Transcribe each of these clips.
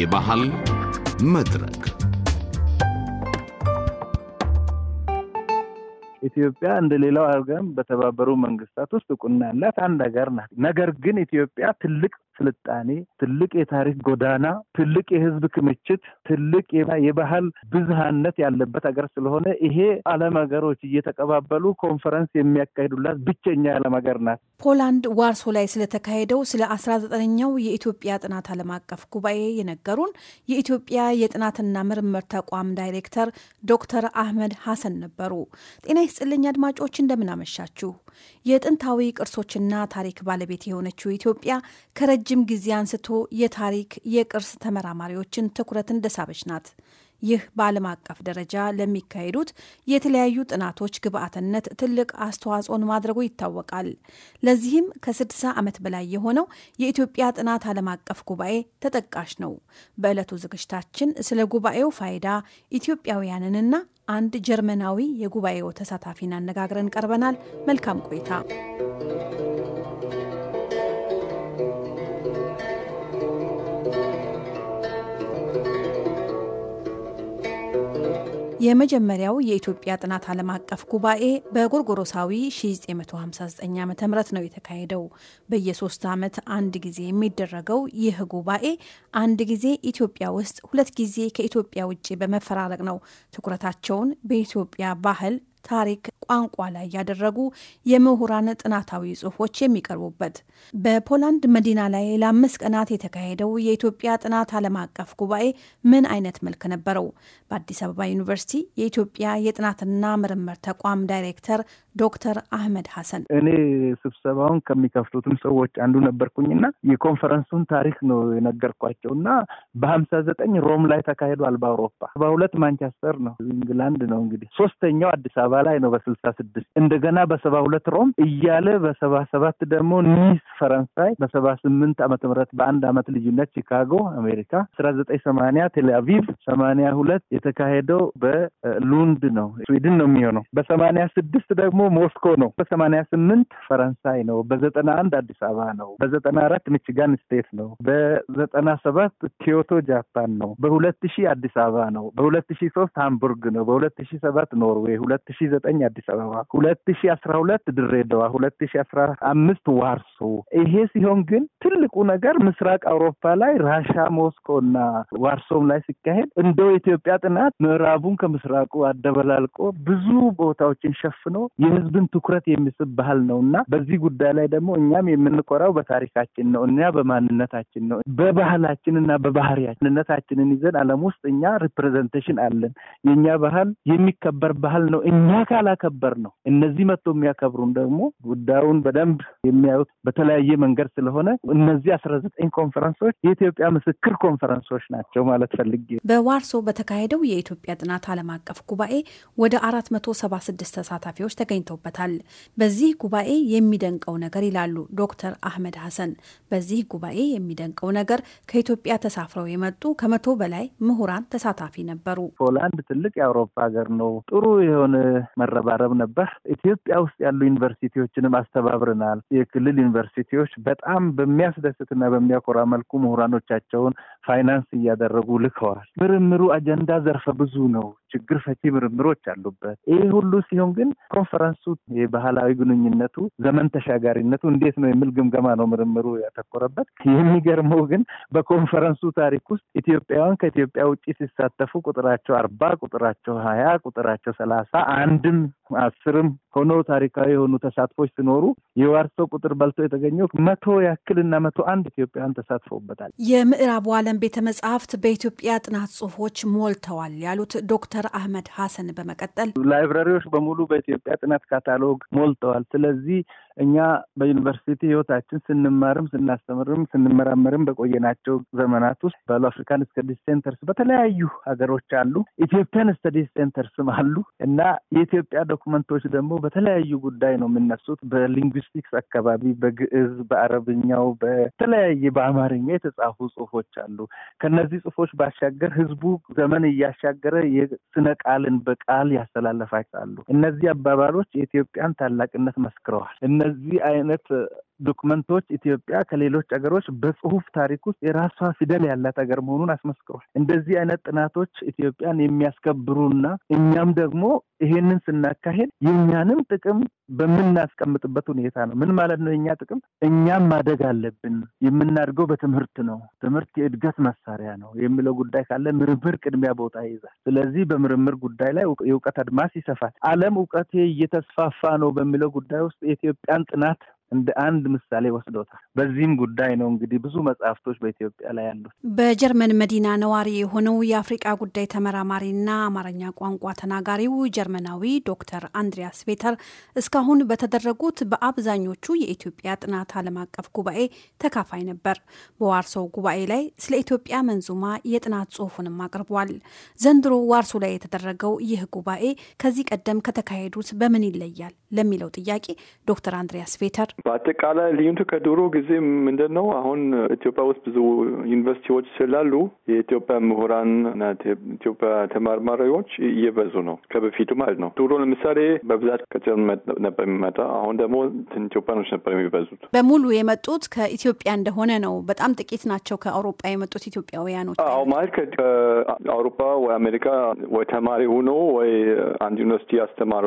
የባህል መድረክ ኢትዮጵያ እንደ ሌላው አገር በተባበሩ መንግስታት ውስጥ እውቅና ያላት አንድ ሀገር ናት። ነገር ግን ኢትዮጵያ ትልቅ ስልጣኔ፣ ትልቅ የታሪክ ጎዳና፣ ትልቅ የህዝብ ክምችት፣ ትልቅ የባህል ብዝሃነት ያለበት ሀገር ስለሆነ ይሄ ዓለም ሀገሮች እየተቀባበሉ ኮንፈረንስ የሚያካሂዱላት ብቸኛ አለም ሀገር ናት። ፖላንድ ዋርሶ ላይ ስለተካሄደው ስለ አስራ ዘጠነኛው የኢትዮጵያ ጥናት ዓለም አቀፍ ጉባኤ የነገሩን የኢትዮጵያ የጥናትና ምርምር ተቋም ዳይሬክተር ዶክተር አህመድ ሀሰን ነበሩ። ጤና ይስጥልኝ አድማጮች እንደምን አመሻችሁ። የጥንታዊ ቅርሶችና ታሪክ ባለቤት የሆነችው ኢትዮጵያ ከረጅም ጊዜ አንስቶ የታሪክ የቅርስ ተመራማሪዎችን ትኩረት እንደሳበች ናት። ይህ በዓለም አቀፍ ደረጃ ለሚካሄዱት የተለያዩ ጥናቶች ግብአትነት ትልቅ አስተዋጽኦን ማድረጉ ይታወቃል። ለዚህም ከ60 ዓመት በላይ የሆነው የኢትዮጵያ ጥናት ዓለም አቀፍ ጉባኤ ተጠቃሽ ነው። በዕለቱ ዝግጅታችን ስለ ጉባኤው ፋይዳ ኢትዮጵያውያንንና አንድ ጀርመናዊ የጉባኤው ተሳታፊን አነጋግረን ቀርበናል። መልካም ቆይታ የመጀመሪያው የኢትዮጵያ ጥናት ዓለም አቀፍ ጉባኤ በጎርጎሮሳዊ 1959 ዓ ም ነው የተካሄደው። በየሶስት ዓመት አንድ ጊዜ የሚደረገው ይህ ጉባኤ አንድ ጊዜ ኢትዮጵያ ውስጥ፣ ሁለት ጊዜ ከኢትዮጵያ ውጭ በመፈራረቅ ነው ትኩረታቸውን በኢትዮጵያ ባህል ታሪክ ቋንቋ ላይ ያደረጉ የምሁራን ጥናታዊ ጽሑፎች የሚቀርቡበት በፖላንድ መዲና ላይ ለአምስት ቀናት የተካሄደው የኢትዮጵያ ጥናት ዓለም አቀፍ ጉባኤ ምን አይነት መልክ ነበረው? በአዲስ አበባ ዩኒቨርሲቲ የኢትዮጵያ የጥናትና ምርምር ተቋም ዳይሬክተር ዶክተር አህመድ ሀሰን። እኔ ስብሰባውን ከሚከፍቱትም ሰዎች አንዱ ነበርኩኝና የኮንፈረንሱን ታሪክ ነው የነገርኳቸው እና በሀምሳ ዘጠኝ ሮም ላይ ተካሂዷል በአውሮፓ በሁለት ማንቸስተር ነው ኢንግላንድ ነው እንግዲህ ሶስተኛው አዲስ አበባ ላይ ነው በስልሳ ስድስት እንደገና በሰባ ሁለት ሮም እያለ በሰባ ሰባት ደግሞ ኒስ ፈረንሳይ በሰባ ስምንት ዓመተ ምህረት በአንድ ዓመት ልዩነት ቺካጎ አሜሪካ አስራ ዘጠኝ ሰማንያ ቴልአቪቭ ሰማንያ ሁለት የተካሄደው በሉንድ ነው ስዊድን ነው የሚሆነው በሰማንያ ስድስት ደግሞ ሞስኮ ነው። በሰማንያ ስምንት ፈረንሳይ ነው። በዘጠና አንድ አዲስ አበባ ነው። በዘጠና አራት ሚችጋን ስቴት ነው። በዘጠና ሰባት ኪዮቶ ጃፓን ነው። በሁለት ሺህ አዲስ አበባ ነው። በሁለት ሺህ ሶስት ሃምቡርግ ነው። በሁለት ሺህ ሰባት ኖርዌይ፣ ሁለት ሺህ ዘጠኝ አዲስ አበባ፣ ሁለት ሺህ አስራ ሁለት ድሬዳዋ፣ ሁለት ሺህ አስራ አምስት ዋርሶ። ይሄ ሲሆን ግን ትልቁ ነገር ምስራቅ አውሮፓ ላይ ራሻ ሞስኮ እና ዋርሶም ላይ ሲካሄድ እንደው ኢትዮጵያ ጥናት ምዕራቡን ከምስራቁ አደበላልቆ ብዙ ቦታዎችን ሸፍኖ የህዝብን ትኩረት የሚስብ ባህል ነው እና በዚህ ጉዳይ ላይ ደግሞ እኛም የምንኮራው በታሪካችን ነው፣ እኛ በማንነታችን ነው። በባህላችን እና በባህሪያችንነታችንን ይዘን አለም ውስጥ እኛ ሪፕሬዘንቴሽን አለን። የእኛ ባህል የሚከበር ባህል ነው። እኛ ካላከበር ነው እነዚህ መጥቶ የሚያከብሩን ደግሞ ጉዳዩን በደንብ የሚያዩት በተለያየ መንገድ ስለሆነ እነዚህ አስራ ዘጠኝ ኮንፈረንሶች የኢትዮጵያ ምስክር ኮንፈረንሶች ናቸው ማለት ፈልጌ በዋርሶ በተካሄደው የኢትዮጵያ ጥናት ዓለም አቀፍ ጉባኤ ወደ አራት መቶ ሰባ ስድስት ተሳታፊዎች ተገኝተዋል። ተገኝተውበታል። በዚህ ጉባኤ የሚደንቀው ነገር ይላሉ ዶክተር አህመድ ሀሰን። በዚህ ጉባኤ የሚደንቀው ነገር ከኢትዮጵያ ተሳፍረው የመጡ ከመቶ በላይ ምሁራን ተሳታፊ ነበሩ። ፖላንድ ትልቅ የአውሮፓ ሀገር ነው። ጥሩ የሆነ መረባረብ ነበር። ኢትዮጵያ ውስጥ ያሉ ዩኒቨርሲቲዎችንም አስተባብረናል። የክልል ዩኒቨርሲቲዎች በጣም በሚያስደስትና በሚያኮራ መልኩ ምሁራኖቻቸውን ፋይናንስ እያደረጉ ልከዋል። ምርምሩ አጀንዳ ዘርፈ ብዙ ነው። ችግር ፈቺ ምርምሮች አሉበት። ይህ ሁሉ ሲሆን ግን ኮንፈረንሱ የባህላዊ ግንኙነቱ ዘመን ተሻጋሪነቱ እንዴት ነው የሚል ግምገማ ነው ምርምሩ ያተኮረበት። የሚገርመው ግን በኮንፈረንሱ ታሪክ ውስጥ ኢትዮጵያውያን ከኢትዮጵያ ውጭ ሲሳተፉ ቁጥራቸው አርባ ቁጥራቸው ሀያ ቁጥራቸው ሰላሳ አንድም አስርም ሆኖ ታሪካዊ የሆኑ ተሳትፎች ሲኖሩ የዋርሶ ቁጥር በልቶ የተገኘው መቶ ያክልና መቶ አንድ ኢትዮጵያውያን ተሳትፎበታል። የምዕራቡ ዓለም ቤተ መጽሐፍት በኢትዮጵያ ጥናት ጽሁፎች ሞልተዋል ያሉት ዶክተር አህመድ ሀሰን በመቀጠል ላይብራሪዎች በሙሉ በኢትዮጵያ ጥናት ካታሎግ ሞልተዋል። ስለዚህ እኛ በዩኒቨርሲቲ ህይወታችን ስንማርም ስናስተምርም ስንመራመርም በቆየናቸው ዘመናት ውስጥ በሎ አፍሪካን ስተዲስ ሴንተርስ በተለያዩ ሀገሮች አሉ። ኢትዮጵያን ስተዲስ ሴንተርስም አሉ እና የኢትዮጵያ ዶክመንቶች ደግሞ በተለያዩ ጉዳይ ነው የምነሱት። በሊንግዊስቲክስ አካባቢ በግዕዝ፣ በአረብኛው፣ በተለያየ በአማርኛ የተጻፉ ጽሁፎች አሉ። ከነዚህ ጽሁፎች ባሻገር ህዝቡ ዘመን እያሻገረ የስነ ቃልን በቃል ያስተላለፋሉ። እነዚህ አባባሎች የኢትዮጵያን ታላቅነት መስክረዋል። እነዚህ አይነት ዶክመንቶች ኢትዮጵያ ከሌሎች ሀገሮች በጽሁፍ ታሪክ ውስጥ የራሷ ፊደል ያላት ሀገር መሆኑን አስመስክሯል። እንደዚህ አይነት ጥናቶች ኢትዮጵያን የሚያስከብሩና እኛም ደግሞ ይሄንን ስናካሄድ የእኛንም ጥቅም በምናስቀምጥበት ሁኔታ ነው። ምን ማለት ነው? የኛ ጥቅም እኛም ማደግ አለብን። የምናድገው በትምህርት ነው። ትምህርት የእድገት መሳሪያ ነው የሚለው ጉዳይ ካለ ምርምር ቅድሚያ ቦታ ይይዛል። ስለዚህ በምርምር ጉዳይ ላይ የእውቀት አድማስ ይሰፋል። ዓለም እውቀቴ እየተስፋፋ ነው በሚለው ጉዳይ ውስጥ የኢትዮጵያን ጥናት እንደ አንድ ምሳሌ ወስዶታል። በዚህም ጉዳይ ነው እንግዲህ ብዙ መጽሐፍቶች በኢትዮጵያ ላይ ያሉት። በጀርመን መዲና ነዋሪ የሆነው የአፍሪቃ ጉዳይ ተመራማሪና አማርኛ ቋንቋ ተናጋሪው ጀርመናዊ ዶክተር አንድሪያስ ቤተር እስካሁን በተደረጉት በአብዛኞቹ የኢትዮጵያ ጥናት ዓለም አቀፍ ጉባኤ ተካፋይ ነበር። በዋርሶው ጉባኤ ላይ ስለ ኢትዮጵያ መንዙማ የጥናት ጽሑፉንም አቅርቧል። ዘንድሮ ዋርሶ ላይ የተደረገው ይህ ጉባኤ ከዚህ ቀደም ከተካሄዱት በምን ይለያል ለሚለው ጥያቄ ዶክተር አንድሪያስ ቤተር በአጠቃላይ ልዩነቱ ከድሮ ጊዜ ምንድን ነው? አሁን ኢትዮጵያ ውስጥ ብዙ ዩኒቨርሲቲዎች ስላሉ የኢትዮጵያ ምሁራን እና ኢትዮጵያ ተመራማሪዎች እየበዙ ነው ከበፊቱ ማለት ነው። ድሮ ለምሳሌ በብዛት ከጨም ነበር የሚመጣ፣ አሁን ደግሞ ኢትዮጵያኖች ነበር የሚበዙት። በሙሉ የመጡት ከኢትዮጵያ እንደሆነ ነው። በጣም ጥቂት ናቸው ከአውሮፓ የመጡት ኢትዮጵያውያኖች። አዎ ማለት ከአውሮፓ ወይ አሜሪካ ወይ ተማሪ ሆኖ ወይ አንድ ዩኒቨርሲቲ ያስተማሩ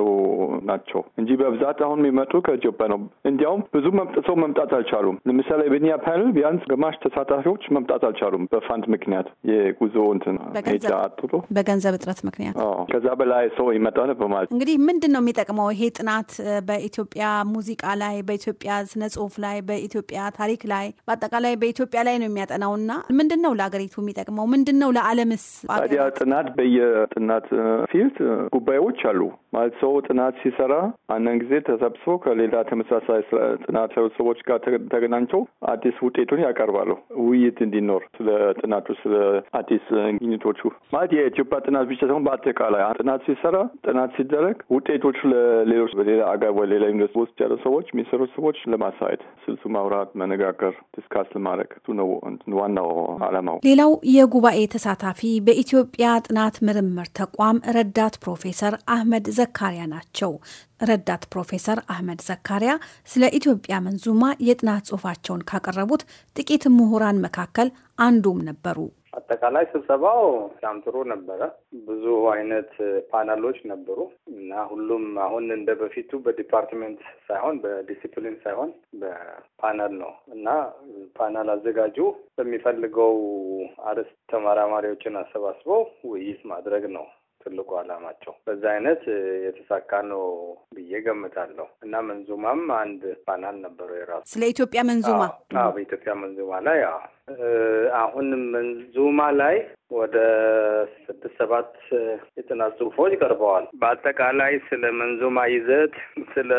ናቸው እንጂ በብዛት አሁን የሚመጡ ከኢትዮጵያ ነው እንዲያውም ብዙ ሰው መምጣት አልቻሉም። ለምሳሌ በኛ ፓነል ቢያንስ ግማሽ ተሳታፊዎች መምጣት አልቻሉም። በፋንድ ምክንያት የጉዞ እንትን ሄጃ አጥሎ በገንዘብ እጥረት ምክንያት ከዛ በላይ ሰው ይመጣ ነበር ማለት እንግዲህ ምንድን ነው የሚጠቅመው ይሄ ጥናት በኢትዮጵያ ሙዚቃ ላይ፣ በኢትዮጵያ ስነ ጽሁፍ ላይ፣ በኢትዮጵያ ታሪክ ላይ፣ በአጠቃላይ በኢትዮጵያ ላይ ነው የሚያጠናው እና ምንድን ነው ለሀገሪቱ የሚጠቅመው ምንድን ነው ለአለምስ ታዲያ ጥናት በየጥናት ፊልድ ጉባኤዎች አሉ ማለት ሰው ጥናት ሲሰራ አንዳንድ ጊዜ ተሰብስቦ ከሌላ ተመሳሳይ ከጥናት ሰዎች ጋር ተገናኝተው አዲስ ውጤቱን ያቀርባሉ። ውይይት እንዲኖር ስለ ጥናቱ፣ ስለ አዲስ ግኝቶቹ ማለት የኢትዮጵያ ጥናት ብቻ ሳይሆን በአጠቃላይ ጥናት ሲሰራ፣ ጥናት ሲደረግ ውጤቶቹ ለሌሎች በሌላ አገር ወይ ሌላ ዩኒቨርስቲ ውስጥ ያለ ሰዎች የሚሰሩ ሰዎች ለማሳየት ስልሱ ማውራት፣ መነጋገር፣ ዲስካስ ለማድረግ እሱ ነው ዋናው አላማው። ሌላው የጉባኤ ተሳታፊ በኢትዮጵያ ጥናት ምርምር ተቋም ረዳት ፕሮፌሰር አህመድ ዘካሪያ ናቸው። ረዳት ፕሮፌሰር አህመድ ዘካሪያ ስለ ኢትዮጵያ መንዙማ የጥናት ጽሁፋቸውን ካቀረቡት ጥቂት ምሁራን መካከል አንዱም ነበሩ። አጠቃላይ ስብሰባው በጣም ጥሩ ነበረ። ብዙ አይነት ፓናሎች ነበሩ እና ሁሉም አሁን እንደ በፊቱ በዲፓርትመንት ሳይሆን በዲሲፕሊን ሳይሆን በፓናል ነው እና ፓናል አዘጋጁ በሚፈልገው አርዕስት ተመራማሪዎችን አሰባስበው ውይይት ማድረግ ነው ትልቁ አላማቸው በዛ አይነት የተሳካ ነው ብዬ ገምታለሁ እና መንዙማም አንድ ፓናል ነበረው የራሱ ስለ ኢትዮጵያ መንዙማ በኢትዮጵያ መንዙማ ላይ አሁን ዙማ ላይ ወደ ስድስት ሰባት የጥናት ጽሁፎች ቀርበዋል። በአጠቃላይ ስለ መንዙማ ይዘት፣ ስለ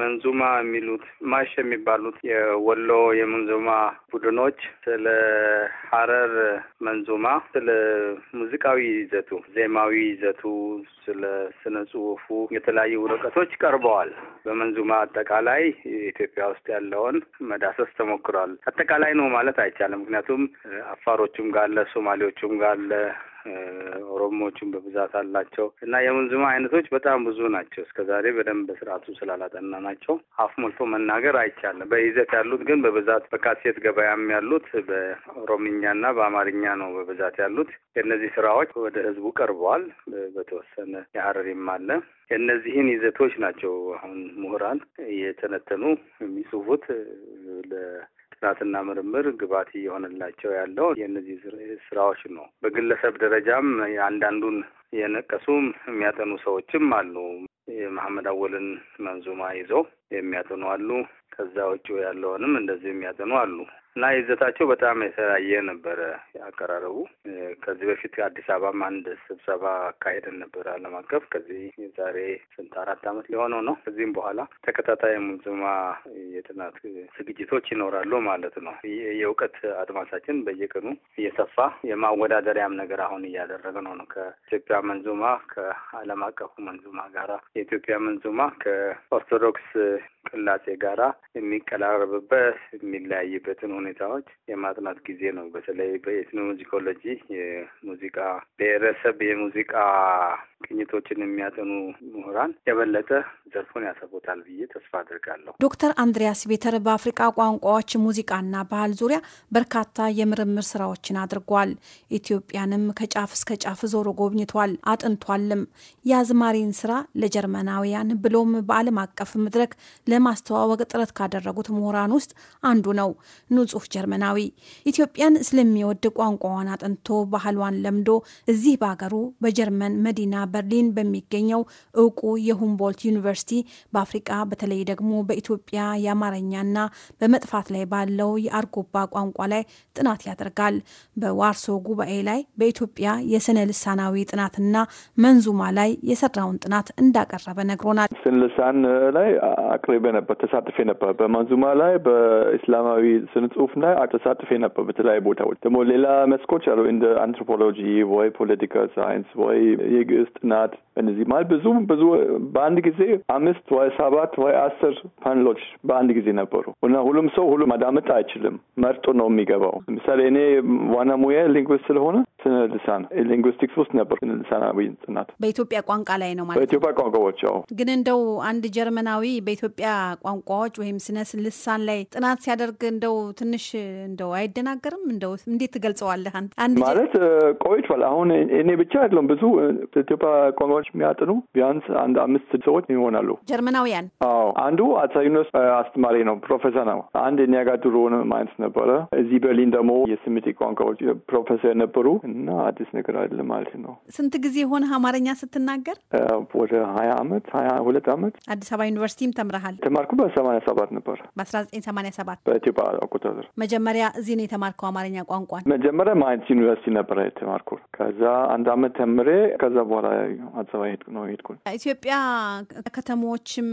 መንዙማ የሚሉት ማሽ የሚባሉት የወሎ የመንዙማ ቡድኖች፣ ስለ ሀረር መንዙማ፣ ስለ ሙዚቃዊ ይዘቱ፣ ዜማዊ ይዘቱ፣ ስለ ስነ ጽሁፉ የተለያዩ ወረቀቶች ቀርበዋል። በመንዙማ አጠቃላይ ኢትዮጵያ ውስጥ ያለውን መዳሰስ ተሞክሯል። አጠቃላይ ነው ማለት አይቻልም። ምክንያቱም አፋሮቹም ጋር አለ፣ ሶማሌዎቹም ጋር አለ፣ ኦሮሞዎቹም በብዛት አላቸው እና የሙንዝማ አይነቶች በጣም ብዙ ናቸው። እስከዛሬ በደንብ በስርዓቱ ስላላጠና ናቸው አፍ ሞልቶ መናገር አይቻልም። በይዘት ያሉት ግን በብዛት በካሴት ገበያም ያሉት በኦሮምኛና በአማርኛ ነው በብዛት ያሉት። የእነዚህ ስራዎች ወደ ህዝቡ ቀርበዋል። በተወሰነ የሀረሪም አለ። የእነዚህን ይዘቶች ናቸው አሁን ምሁራን እየተነተኑ የሚጽፉት ጥናትና ምርምር ግብዓት እየሆነላቸው ያለው የእነዚህ ስራዎች ነው። በግለሰብ ደረጃም አንዳንዱን የነቀሱ የሚያጠኑ ሰዎችም አሉ። የመሐመድ አወልን መንዙማ ይዘው የሚያጠኑ አሉ። ከዛ ውጭ ያለውንም እንደዚህ የሚያጠኑ አሉ። እና ይዘታቸው በጣም የተለያየ ነበረ አቀራረቡ። ከዚህ በፊት አዲስ አበባም አንድ ስብሰባ አካሄደን ነበረ ዓለም አቀፍ ከዚህ የዛሬ ስንት አራት ዓመት ሊሆነው ነው። ከዚህም በኋላ ተከታታይ ሙዝማ የጥናት ዝግጅቶች ይኖራሉ ማለት ነው። የእውቀት አድማሳችን በየቀኑ እየሰፋ የማወዳደሪያም ነገር አሁን እያደረገ ነው ነው ከኢትዮጵያ መንዙማ ከዓለም አቀፉ መንዙማ ጋራ የኢትዮጵያ መንዙማ ከኦርቶዶክስ ቅላጼ ጋራ የሚቀራረብበት የሚለያይበትን ሁኔታዎች የማጥናት ጊዜ ነው። በተለይ ሙዚኮሎጂ የሙዚቃ ብሔረሰብ የሙዚቃ ቅኝቶችን የሚያጠኑ ምሁራን የበለጠ ዘርፉን ያሰቡታል ብዬ ተስፋ አድርጋለሁ። ዶክተር አንድሪያስ ቤተር በአፍሪቃ ቋንቋዎች ሙዚቃና ባህል ዙሪያ በርካታ የምርምር ስራዎችን አድርጓል። ኢትዮጵያንም ከጫፍ እስከ ጫፍ ዞሮ ጎብኝቷል፣ አጥንቷልም። የአዝማሪን ስራ ለጀርመናውያን ብሎም በዓለም አቀፍ መድረክ ለማስተዋወቅ ጥረት ካደረጉት ምሁራን ውስጥ አንዱ ነው። ንጹህ ጀርመናዊ ኢትዮጵያን ስለሚወድ ቋንቋዋን አጥንቶ ባህሏን ለምዶ እዚህ በሀገሩ በጀርመን መዲና በርሊን በሚገኘው እውቁ የሁምቦልት ዩኒቨርሲቲ በአፍሪቃ በተለይ ደግሞ በኢትዮጵያ የአማርኛና በመጥፋት ላይ ባለው የአርጎባ ቋንቋ ላይ ጥናት ያደርጋል። በዋርሶ ጉባኤ ላይ በኢትዮጵያ የስነ ልሳናዊ ጥናትና መንዙማ ላይ የሰራውን ጥናት እንዳቀረበ ነግሮናል። ስነ ልሳን ላይ አቅርቤ ነበር፣ ተሳትፌ ነበር። በመንዙማ ላይ በኢስላማዊ ስነ ጽሁፍ ላይ ተሳትፌ ነበር። በተለያዩ ቦታዎች ደግሞ ሌላ መስኮች አሉ እንደ አንትሮፖሎጂ ወይ ፖለቲካ ሳይንስ ወይ የግዕዝ ጥናት እነዚህ ማለት ብዙ ብዙ በአንድ ጊዜ አምስት ወይ ሰባት ወይ አስር ፓነሎች በአንድ ጊዜ ነበሩ እና ሁሉም ሰው ሁሉም ማዳመጥ አይችልም። መርጦ ነው የሚገባው። ለምሳሌ እኔ ዋና ሙያ ሊንግዊስት ስለሆነ ስነ ልሳን ሊንጉስቲክስ ውስጥ ነበር። ስነ ልሳናዊ ጥናት በኢትዮጵያ ቋንቋ ላይ ነው ማለት በኢትዮጵያ ቋንቋዎች። ው ግን እንደው አንድ ጀርመናዊ በኢትዮጵያ ቋንቋዎች ወይም ስነ ልሳን ላይ ጥናት ሲያደርግ እንደው ትንሽ እንደው አይደናገርም? እንደው እንዴት ትገልጸዋለህ አንተ? አንድ ማለት ቆይቷል። አሁን እኔ ብቻ አይደለም፣ ብዙ በኢትዮጵያ ቋንቋዎች የሚያጥኑ ቢያንስ አንድ አምስት ሰዎች ይሆናሉ ጀርመናውያን። አዎ። አንዱ አፄ አስተማሪ ነው፣ ፕሮፌሰር ነው። አንድ እኛ ጋር ማይነት ነበረ። እዚህ በርሊን ደግሞ የስሚቲ ቋንቋዎች ፕሮፌሰር ነበሩ። እና አዲስ ነገር አይደለም ማለት ነው። ስንት ጊዜ ሆነ አማርኛ ስትናገር? ወደ ሀያ አመት ሀያ ሁለት አመት አዲስ አበባ ዩኒቨርሲቲም ተምረሃል? ተማርኩ በሰማኒያ ሰባት ነበር በአስራ ዘጠኝ ሰማኒያ ሰባት በኢትዮጵያ አቆጣጠር። መጀመሪያ እዚህ ነው የተማርከው አማርኛ ቋንቋን? መጀመሪያ ማየት ዩኒቨርሲቲ ነበረ የተማርኩ። ከዛ አንድ አመት ተምሬ ከዛ በኋላ አዲስ አበባ ሄድኩ ነው ሄድኩ። ኢትዮጵያ ከተሞችም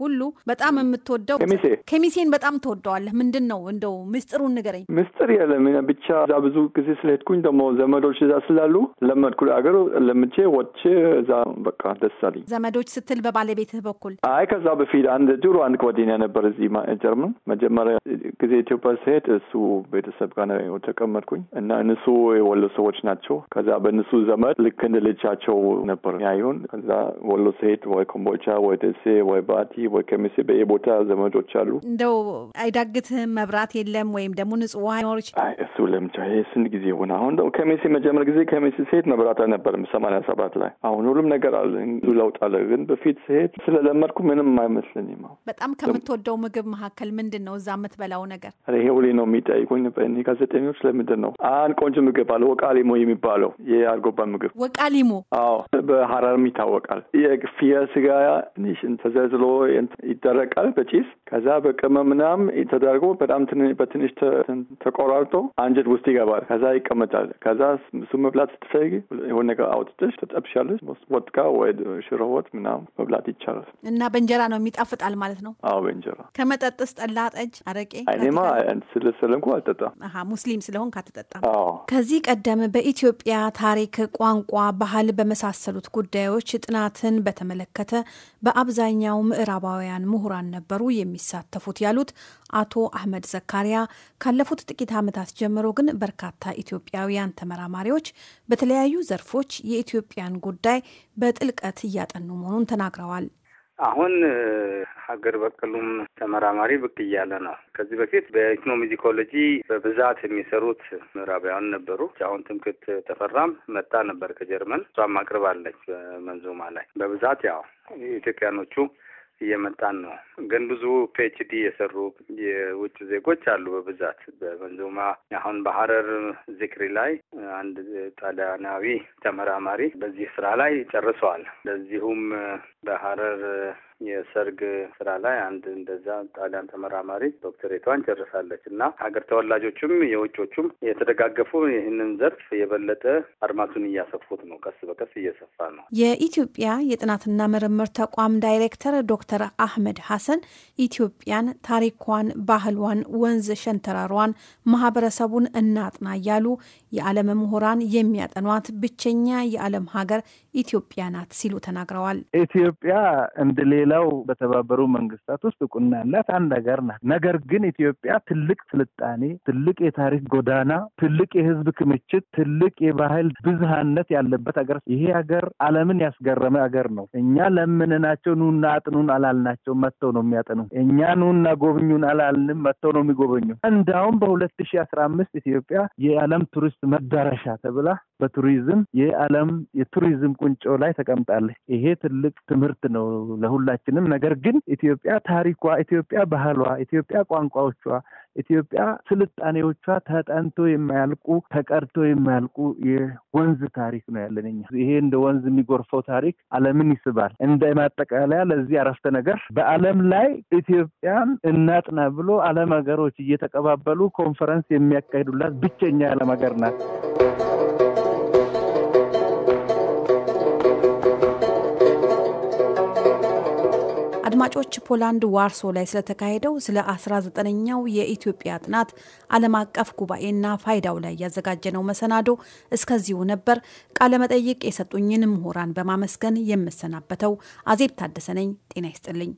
ሁሉ በጣም የምትወደው ከሚሴ ከሚሴን በጣም ትወደዋለህ። ምንድን ነው እንደው ምስጢሩን ንገረኝ። ምስጢር የለም ብቻ እዛ ብዙ ጊዜ ስለሄድኩኝ ደግሞ ዘመዶች እዛ ስላሉ ለመድኩ። አገር ለምቼ ወጥቼ እዛ በቃ ደስ አለኝ። ዘመዶች ስትል በባለቤትህ በኩል? አይ ከዛ በፊት አንድ ድሮ አንድ ጓደኛ ነበር እዚህ ጀርመን። መጀመሪያ ጊዜ ኢትዮጵያ ስሄድ እሱ ቤተሰብ ጋር ነው ተቀመጥኩኝ እና እነሱ የወሎ ሰዎች ናቸው። ከዛ በእነሱ ዘመድ ልክ እንደ ልጃቸው ነበር ያዩን። ከዛ ወሎ ስሄድ ወይ ኮምቦቻ ወይ ደሴ ወይ ባቲ ወይ ከሚሴ በየቦታ ዘመዶች አሉ። እንደው አይዳግትህም መብራት የለም ወይም ደግሞ ንጹህ ውሃ ይኖር እሱ ለምቻ ስንት ጊዜ ሆነ አሁን ሜሲ መጀመር ጊዜ ከሜሲ ስሄድ መብራት አልነበረም ሰማንያ ሰባት ላይ። አሁን ሁሉም ነገር አለ፣ ለውጥ አለ። ግን በፊት ስሄድ ስለለመድኩ ምንም አይመስለኝም። በጣም ከምትወደው ምግብ መካከል ምንድን ነው እዛ የምትበላው ነገር? ይሄ ሁሌ ነው የሚጠይቁኝ ጋዜጠኞች፣ ለምንድን ነው አንድ ቆንጆ ምግብ አለ ወቃሊሞ የሚባለው የአርጎባ ምግብ ወቃሊሞ። አዎ በሀረርም ይታወቃል። የፍየል ስጋ ትንሽ ተዘዝሎ ይደረቃል በጪስ ከዛ በቅመም ተደርጎ በጣም በትንሽ ተቆራርጦ አንጀት ውስጥ ይገባል። ከዛ ይቀመጣል። ከዛ ከዛ እሱ መብላት ስትፈልጊ የሆነ ነገር አውጥተሽ ተጠብሻለሽ። ወጥ ጋር ወይ ሽሮ ወጥ መብላት ይቻላል። እና በእንጀራ ነው የሚጣፍጣል ማለት ነው። አዎ በእንጀራ ከመጠጥስ ጠላ፣ ጠጅ፣ አረቄ እኔማ ስለሰለምኩ አልጠጣም። ሙስሊም ስለሆንክ አትጠጣም። ከዚህ ቀደም በኢትዮጵያ ታሪክ፣ ቋንቋ፣ ባህል በመሳሰሉት ጉዳዮች ጥናትን በተመለከተ በአብዛኛው ምዕራባውያን ምሁራን ነበሩ የሚሳተፉት ያሉት አቶ አህመድ ዘካሪያ ካለፉት ጥቂት ዓመታት ጀምሮ ግን በርካታ ኢትዮጵያውያን ተመ ተመራማሪዎች በተለያዩ ዘርፎች የኢትዮጵያን ጉዳይ በጥልቀት እያጠኑ መሆኑን ተናግረዋል። አሁን ሀገር በቀሉም ተመራማሪ ብቅ እያለ ነው። ከዚህ በፊት በኢትኖሙዚኮሎጂ በብዛት የሚሰሩት ምዕራባውያን ነበሩ። አሁን ትምክት ተፈራም መጣ ነበር ከጀርመን እሷም አቅርባለች በመንዙማ ላይ በብዛት ያው ኢትዮጵያኖቹ እየመጣን ነው። ግን ብዙ ፒኤችዲ የሰሩ የውጭ ዜጎች አሉ በብዛት በመንዙማ አሁን በሀረር ዚክሪ ላይ አንድ ጣሊያናዊ ተመራማሪ በዚህ ስራ ላይ ጨርሰዋል። እንደዚሁም በሀረር የሰርግ ስራ ላይ አንድ እንደዛ ጣሊያን ተመራማሪ ዶክተሬቷን ጨርሳለች እና ሀገር ተወላጆችም የውጮቹም የተደጋገፉ ይህንን ዘርፍ የበለጠ አድማሱን እያሰፉት ነው። ቀስ በቀስ እየሰፋ ነው። የኢትዮጵያ የጥናትና ምርምር ተቋም ዳይሬክተር ዶክተር አህመድ ሀሰን ኢትዮጵያን፣ ታሪኳን፣ ባህሏን፣ ወንዝ ሸንተረሯን፣ ማህበረሰቡን እናጥና እያሉ የዓለም ምሁራን የሚያጠኗት ብቸኛ የዓለም ሀገር ኢትዮጵያ ናት ሲሉ ተናግረዋል። ኢትዮጵያ እንደሌላው በተባበሩ መንግስታት ውስጥ እውቅና ያላት አንድ ሀገር ናት። ነገር ግን ኢትዮጵያ ትልቅ ስልጣኔ፣ ትልቅ የታሪክ ጎዳና፣ ትልቅ የህዝብ ክምችት፣ ትልቅ የባህል ብዝሃነት ያለበት ሀገር ይሄ ሀገር አለምን ያስገረመ ሀገር ነው። እኛ ለምንናቸው ኑና አጥኑን አላልናቸው፣ መጥተው ነው የሚያጠኑ። እኛ ኑና ጎብኙን አላልንም፣ መጥተው ነው የሚጎበኙ። እንዳውም በሁለት ሺ አስራ አምስት ኢትዮጵያ የዓለም ቱሪስት መዳረሻ ተብላ በቱሪዝም የዓለም የቱሪዝም ቁንጮ ላይ ተቀምጣለች። ይሄ ትልቅ ትምህርት ነው ለሁላችንም። ነገር ግን ኢትዮጵያ ታሪኳ፣ ኢትዮጵያ ባህሏ፣ ኢትዮጵያ ቋንቋዎቿ፣ ኢትዮጵያ ስልጣኔዎቿ ተጠንቶ የማያልቁ ተቀርቶ የማያልቁ የወንዝ ታሪክ ነው ያለን እኛ። ይሄ እንደ ወንዝ የሚጎርፈው ታሪክ ዓለምን ይስባል። እንደ ማጠቃለያ ለዚህ አረፍተ ነገር በዓለም ላይ ኢትዮጵያን እናጥና ብሎ ዓለም ሀገሮች እየተቀባበሉ ኮንፈረንስ የሚያካሂዱላት ብቸኛ ዓለም ሀገር ናት። አድማጮች ፖላንድ ዋርሶ ላይ ስለተካሄደው ስለ 19ኛው የኢትዮጵያ ጥናት ዓለም አቀፍ ጉባኤና ፋይዳው ላይ ያዘጋጀነው መሰናዶ እስከዚሁ ነበር። ቃለመጠይቅ የሰጡኝን ምሁራን በማመስገን የምሰናበተው አዜብ ታደሰ ነኝ። ጤና ይስጥልኝ።